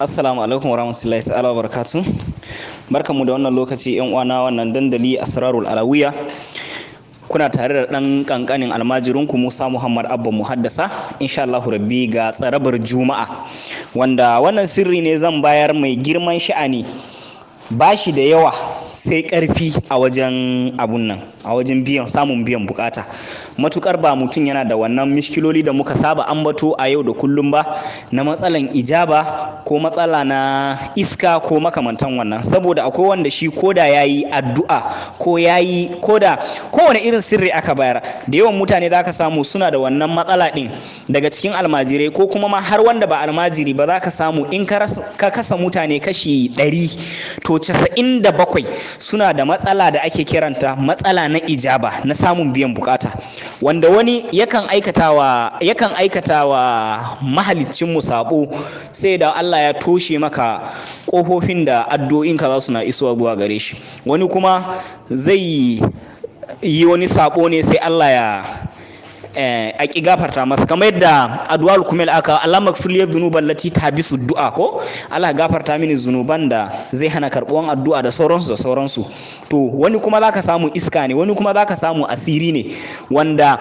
Assalamu alaikum warahmatullahi ta'ala wa barakatu. mu da wannan lokaci yan uwana wannan dandali Asrarul Alawiya. Kuna tare da dan kankanin almajirinku Musa Muhammad Abba Muhaddasa insha Allah rabbi ga tsarabar Juma'a wanda wannan sirri ne zan bayar mai girman sha'ani bashi da yawa sai karfi a wajen abun nan a wajen biyan samun biyan bukata matukar ba mutum yana da wannan mishkiloli da muka saba ambato a yau da kullum ba na matsalan ijaba ko matsala na iska ko makamantan wannan saboda akwai wanda shi koda yi addu'a ko ya yi koda kowane irin sirri aka bayar da yawan mutane za ka samu suna da wannan matsala din daga cikin almajirai ko kuma ma har wanda ba almajiri ba za ka samu in ka kasa mutane kashi ɗari to casa'in da bakwai suna da matsala da ake kiranta matsala na ijaba na samun biyan bukata wanda wani yakan aikata wa mahaliccin mu sabo sai da Allah ya toshe maka kofofin da addu'o'inka za su na isuwa zuwa gare shi wani kuma zai yi wani sabo ne sai Allah ya Eh, a ki gafarta masa kamar yadda adwal kumel aka Allah magfir li dhunuban lati bisu du'a ko Allah gafarta mini zunuban da zai hana karbuwan addu'a da sauransu da sauransu to wani kuma zaka samu iska ne wani kuma zaka samu asiri ne wanda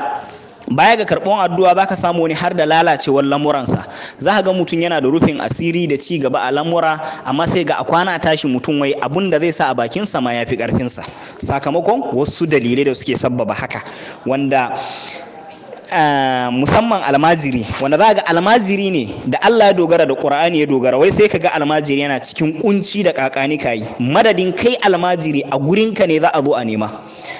baya ga karɓon addu'a zaka samu wani har da lalacewar lamuransa za ka ga mutum yana da rufin asiri da ci gaba a lamura amma sai ga a kwana tashi mutum wai abun da zai sa a bakinsa ma ya fi ƙarfinsa sakamakon wasu dalilai da suke sabbaba haka wanda Eh, musamman almajiri wanda za ga almajiri ne da Allah ya dogara da Qur'ani ya dogara wai sai ka ga almajiri yana cikin kunci da kakani kai madadin kai almajiri a gurin ka ne za a zo a nema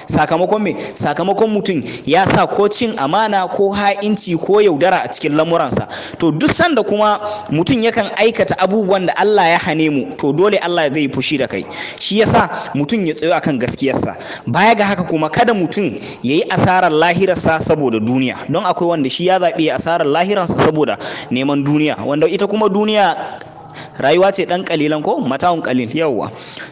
sakamakon me sakamakon mutum ya sa ko cin amana ko ha'inci ko yaudara a cikin lamuransa to duk sanda kuma mutum yakan aikata abubuwan da Allah ya hane mu to dole Allah zai fushi da kai shi yasa mutum ya tsayo akan gaskiyarsa baya ga haka kuma kada mutum yayi asarar lahirarsa saboda duniya don akwai wanda shi ya zaɓi asarar lahiransa saboda neman duniya wanda ita kuma duniya rayuwa ce dan kalilan ko mata'un kalil yawwa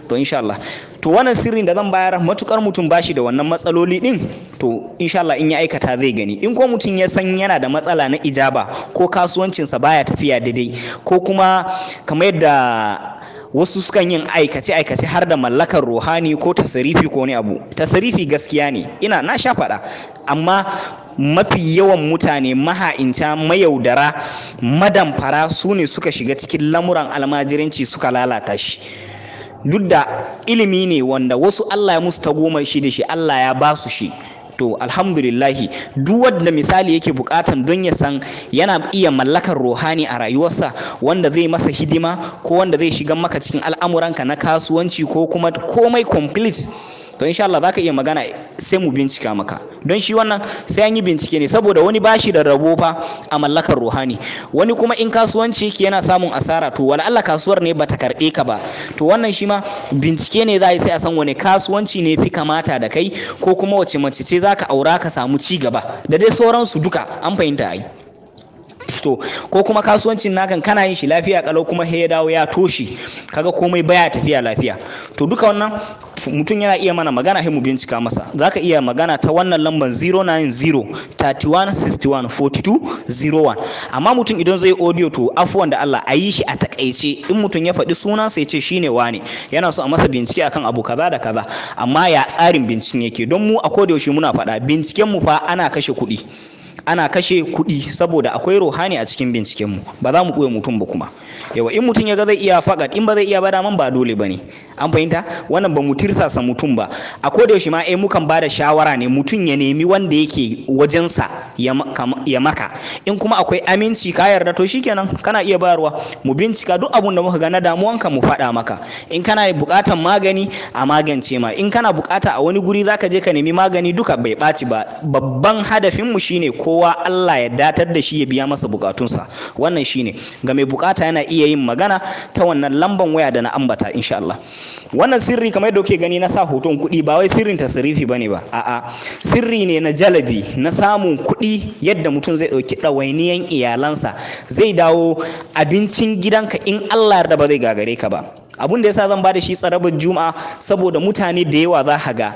to insha Allah to wannan sirrin da zan bayar matukar mutum bashi da wannan matsaloli din to insha Allah in ya aikata zai gani in ko mutum ya san yana da matsala na ijaba ko kasuwancinsa baya tafiya daidai ko kuma kamar yadda wasu sukan yin aikace aikace har da mallakar ruhani ko tasarifi ko wani abu tasarifi gaskiya ne ina na sha faɗa amma mafi yawan mutane maha'inta mayaudara madamfara su ne suka shiga cikin lamuran almajiranci suka lalata shi duk da ilimi ne wanda wasu Allah ya musu tagomar shi da shi Allah ya ba su shi to alhamdulillahi duk wanda misali yake bukatan don ya san yana iya mallakar ruhani a rayuwarsa wanda zai masa hidima ko wanda zai shiga maka cikin al'amuranka na kasuwanci ko kuma komai complete to insha Allah za ka iya magana sai mu bincika maka don shi wannan sai an yi bincike ne saboda wani bashi da rabo fa a mallakar ruhani wani kuma in kasuwanci yake yana samun asara to wala Allah kasuwar ne bata karbe ka ba to wannan shi ma bincike ne za a yi sai a san wani kasuwanci ne fi kamata da kai ko kuma wace mace ce za ka aura ka samu ci gaba da dai sauransu duka an fahimta ai to ko kuma kasuwancin nakan kana yin shi lafiya kalau kuma he ya dawo ya toshe kaga komai baya tafiya lafiya to duka wannan mutum yana iya mana magana sai mu bincika masa zaka iya magana ta wannan lambar 090 31 amma mutum idan zai audio to afuwan da Allah a yi shi a takaice in mutum ya faɗi sunan sai ce shine wane yana so a masa bincike akan abu kaza da kaza amma ya tsarin binciken yake don mu a kodayaushe muna faɗa binciken mu fa ana kashe kuɗi ana kashe kuɗi saboda akwai ruhani a cikin binciken mu ba za mu ɓoye mutum ba kuma yawa in mutum ya ga zai iya faɗaɗ in ba zai iya ba daman ba dole ba ne an fahimta wannan ba mu tirsasa mutum ba a koda yaushe ma eh mukan ba da shawara ne mutum ya nemi wanda yake wajensa ya maka in kuma akwai aminci ka yarda to shikenan kana iya bayarwa mu bincika duk abun da muka ga na damuwanka mu faɗa maka in kana buƙatar magani a magance ma in kana buƙata a wani guri zaka je ka nemi magani duka bai ɓaci ba babban hadafin mu shine kowa Allah ya datar da shi ya biya masa bukatunsa wannan shine ga mai bukata yana iya yin magana ta wannan lamban waya da na ambata insha Allah wannan sirri kamar yadda kuke gani na sa hoton kuɗi ba wai sirrin tasarifi bane ba a'a sirri ne na jalabi na samun kuɗi yadda mutum zai ɗauki ɗawainiyan iyalansa zai dawo abincin gidanka in Allah da ba zai gagare ka ba abun da yasa zan ba da shi tsarabar juma'a saboda mutane da yawa za ka ga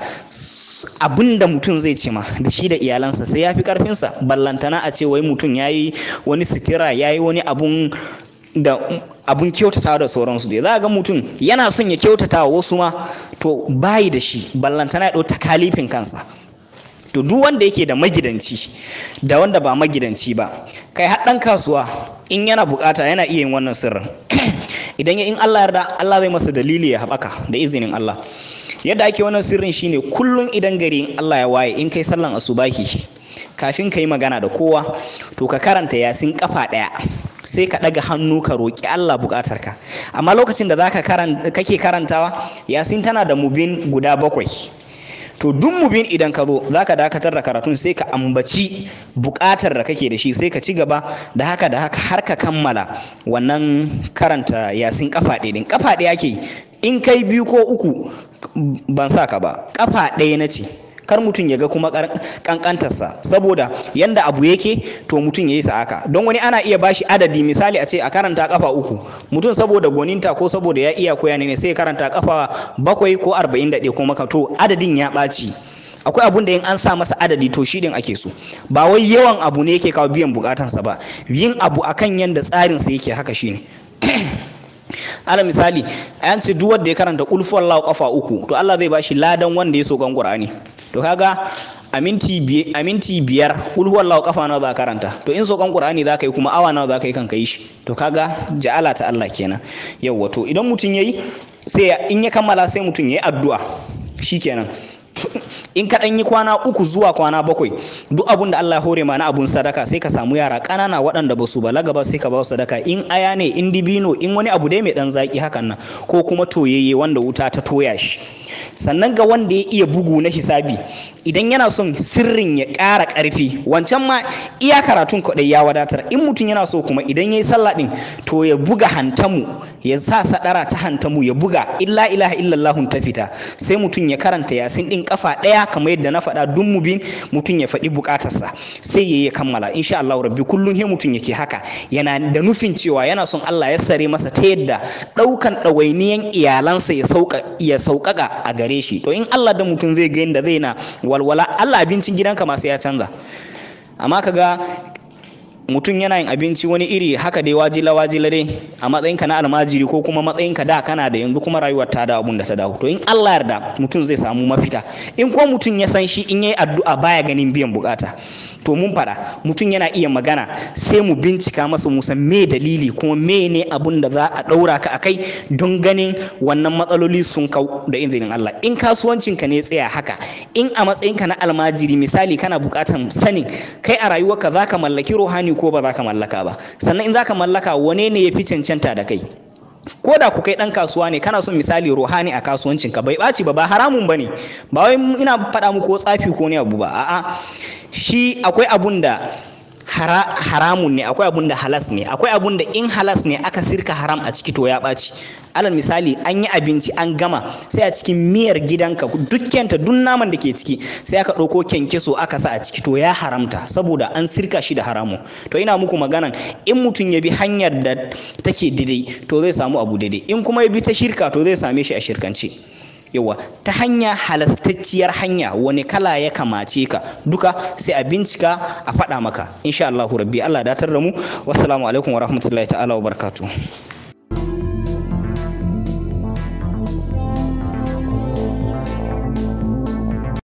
abin da mutum zai cima da shi da iyalansa sai ya fi karfinsa ballantana a ce wai mutum ya yi wani sitira ya yi wani abun da abun kyautata da sauransu dai za ga mutum yana son ya kyautata wasu ma to bayi da shi ballantana ya ta kalifin kansa to duk wanda yake da magidanci da wanda ba magidanci ba kai haɗan kasuwa in yana bukata yana iya yin wannan sirrin idan ya in Allah yarda Allah zai masa dalili ya haɓaka da izinin Allah yadda ake wannan sirrin shine kullum idan gari in Allah ya waye in kai sallan asubahi kafin ka yi magana da kowa to ka karanta yasin kafa ɗaya sai ka ɗaga hannu ka roƙi Allah buƙatarka amma lokacin da zaka karanta kake karantawa yasin tana da mubin guda bakwai to duk mubin idan ka zo zaka dakatar da karatun sai ka ambaci buƙatar da kake da shi sai ka ci gaba da haka da haka har ka kammala wannan karanta yasin kafa ɗaya din kafa ɗaya ke in kai biyu ko uku ban sa ka ba kafa ɗaya na ce kar mutum ya ga kuma kankantarsa saboda yadda abu yake to mutum ya yi sa'aka don wani ana iya bashi adadi misali a ce a karanta kafa uku mutum saboda goninta ko saboda ya iya koya ne sai karanta kafa bakwai ko arba'in da ko maka to adadin ya ɓaci akwai abun da in an sa masa adadi to shi din ake so ba wai yawan abu ne yake kawo biyan bukatansa ba yin abu akan yanda tsarinsa yake haka shine ala misali an ce duk wanda ya karanta ulfu Allah kafa uku to Allah zai bashi ladan wanda ya so gan ne to kaga a minti biyar kul huwallahu kafa nawa za karanta to in sokan qur'ani za ka yi kuma awa nawa za ka yi kanka yi shi to kaga ja'ala ta Allah kenan yau wato. idan mutum yayi sai in ya kammala sai mutum ya yi addu'a shi kenan. in ka ɗanyi yi kwana uku zuwa kwana bakwai duk abun da Allah ya hore ma na abun sadaka sai ka samu yara ƙanana waɗanda ba su balaga ba sai ka ba su sadaka in aya ne in dibino in wani abu dai mai ɗan zaki hakan nan ko kuma toyayye wanda wuta ta toya shi sannan ga wanda ya iya bugu na hisabi idan yana son sirrin ya ƙara ƙarfi wancan ma iya karatun kwaɗai ya wadatar in mutum yana so kuma idan ya yi sallah ɗin to ya buga hantamu ya sa sadara ta hanta mu ya buga illa ilaha illallah ta fita sai mutum ya karanta yasin din kafa daya kamar yadda na faɗa dun mubin mutum ya faɗi bukatarsa sai ya kammala insha Allah rabbi kullum he mutum yake haka yana da nufin cewa yana son Allah ya sare masa ta yadda daukan ɗawainiyan iyalansa ya sauka ya sauƙaƙa a gare shi to in Allah da mutum zai ga yadda zai na walwala Allah abincin gidanka ma sai ya canza amma kaga mutum yana yin abinci wani iri haka dai wajila wajila dai a matsayinka na almajiri ko kuma matsayinka da kana da yanzu kuma rayuwar ta da abun da ta dawo to in Allah yarda mutum zai samu mafita in ko mutum ya san shi in yayi addu'a baya ganin biyan bukata to mun fada mutum yana iya magana sai mu bincika masa mu san me dalili kuma me ne abun da za a daura ka akai don ganin wannan matsaloli sun kau da izinin Allah in kasuwancinka ne tsaya haka in a matsayinka na almajiri misali kana bukatan sanin kai a rayuwarka zaka mallaki ruhani ko ba za ka mallaka ba sannan in za ka mallaka wane ne ya fi cancanta da kai ko da ku kai ɗan kasuwa ne kana son misali ruhani a kasuwancinka bai baci ba ba haramun ba ne ba wai ina faɗa muku ko tsafi ko ne abu ba a'a shi akwai abun da haramun ne akwai abun da halas ne akwai abun da in halas ne aka sirka haram a ciki to ya baci. alal misali an yi abinci an gama sai a cikin miyar gidanka dukkanta duk naman da ke ciki sai aka ɗauko kyankyaso aka sa a ciki to ya haramta saboda an sirka shi da haramu to ina muku magana in mutum ya bi hanyar da take daidai to zai samu abu daidai in kuma ya bi ta shirka to zai same shi a shirkance yawa ta hanya halastacciyar hanya wani kala ya kamace ka duka sai a bincika a faɗa maka insha Allahu rabbi Allah datar da mu wassalamu alaikum wa rahmatullahi ta'ala wa barakatuh